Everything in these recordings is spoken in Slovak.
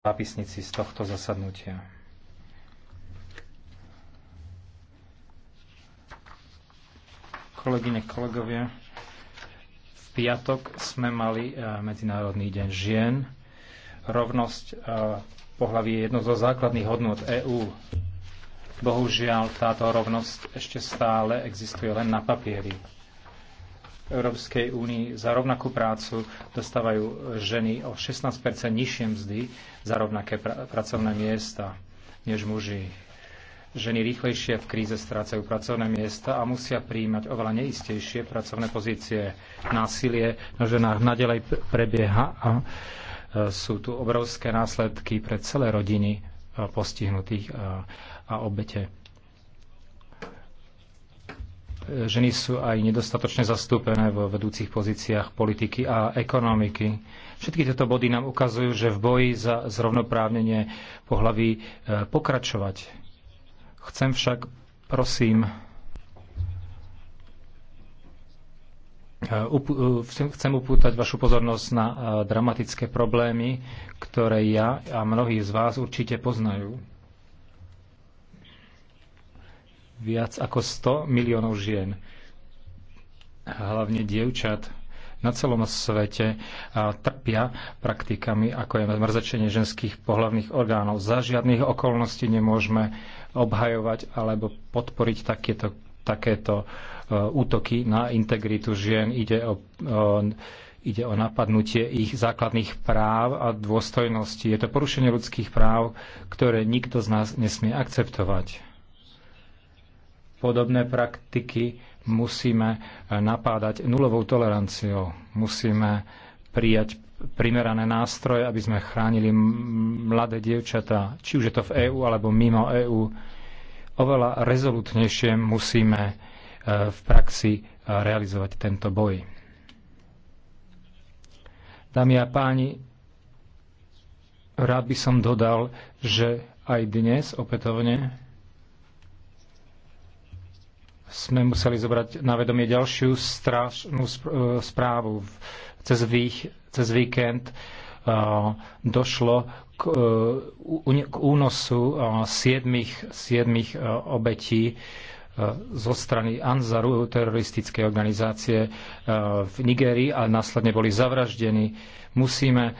zápisnici z tohto zasadnutia. Kolegyne, kolegovia, v piatok sme mali e, Medzinárodný deň žien. Rovnosť e, pohľaví je jedno zo základných hodnot EÚ. Bohužiaľ, táto rovnosť ešte stále existuje len na papieri. Európskej únii za rovnakú prácu dostávajú ženy o 16 nižšie mzdy za rovnaké pr- pracovné miesta než muži. Ženy rýchlejšie v kríze strácajú pracovné miesta a musia príjmať oveľa neistejšie pracovné pozície. Násilie na ženách nadalej prebieha a e, sú tu obrovské následky pre celé rodiny e, postihnutých e, a obete ženy sú aj nedostatočne zastúpené vo vedúcich pozíciách politiky a ekonomiky. Všetky tieto body nám ukazujú, že v boji za zrovnoprávnenie pohlaví e, pokračovať. Chcem však, prosím, e, e, Chcem upútať vašu pozornosť na dramatické problémy, ktoré ja a mnohí z vás určite poznajú viac ako 100 miliónov žien, hlavne dievčat, na celom svete trpia praktikami, ako je mrzačenie ženských pohľavných orgánov. Za žiadnych okolností nemôžeme obhajovať alebo podporiť takéto, takéto e, útoky na integritu žien. Ide o, o ide o napadnutie ich základných práv a dôstojnosti. Je to porušenie ľudských práv, ktoré nikto z nás nesmie akceptovať podobné praktiky musíme e, napádať nulovou toleranciou. Musíme prijať primerané nástroje, aby sme chránili mladé dievčatá, či už je to v EÚ alebo mimo EÚ. Oveľa rezolutnejšie musíme e, v praxi e, realizovať tento boj. Dámy a páni, rád by som dodal, že aj dnes opätovne sme museli zobrať na vedomie ďalšiu strašnú e, správu. Cez, vých, cez víkend e, došlo k, e, k únosu siedmých, siedmých obetí zo strany Anzaru, teroristickej organizácie v Nigerii a následne boli zavraždení. Musíme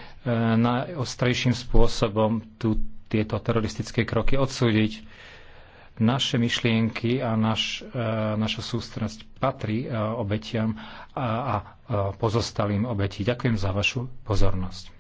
najostrejším spôsobom tu, tieto teroristické kroky odsúdiť naše myšlienky a naš, e, naša sústrasť patrí e, obetiam a, e, pozostalým obetí. Ďakujem za vašu pozornosť.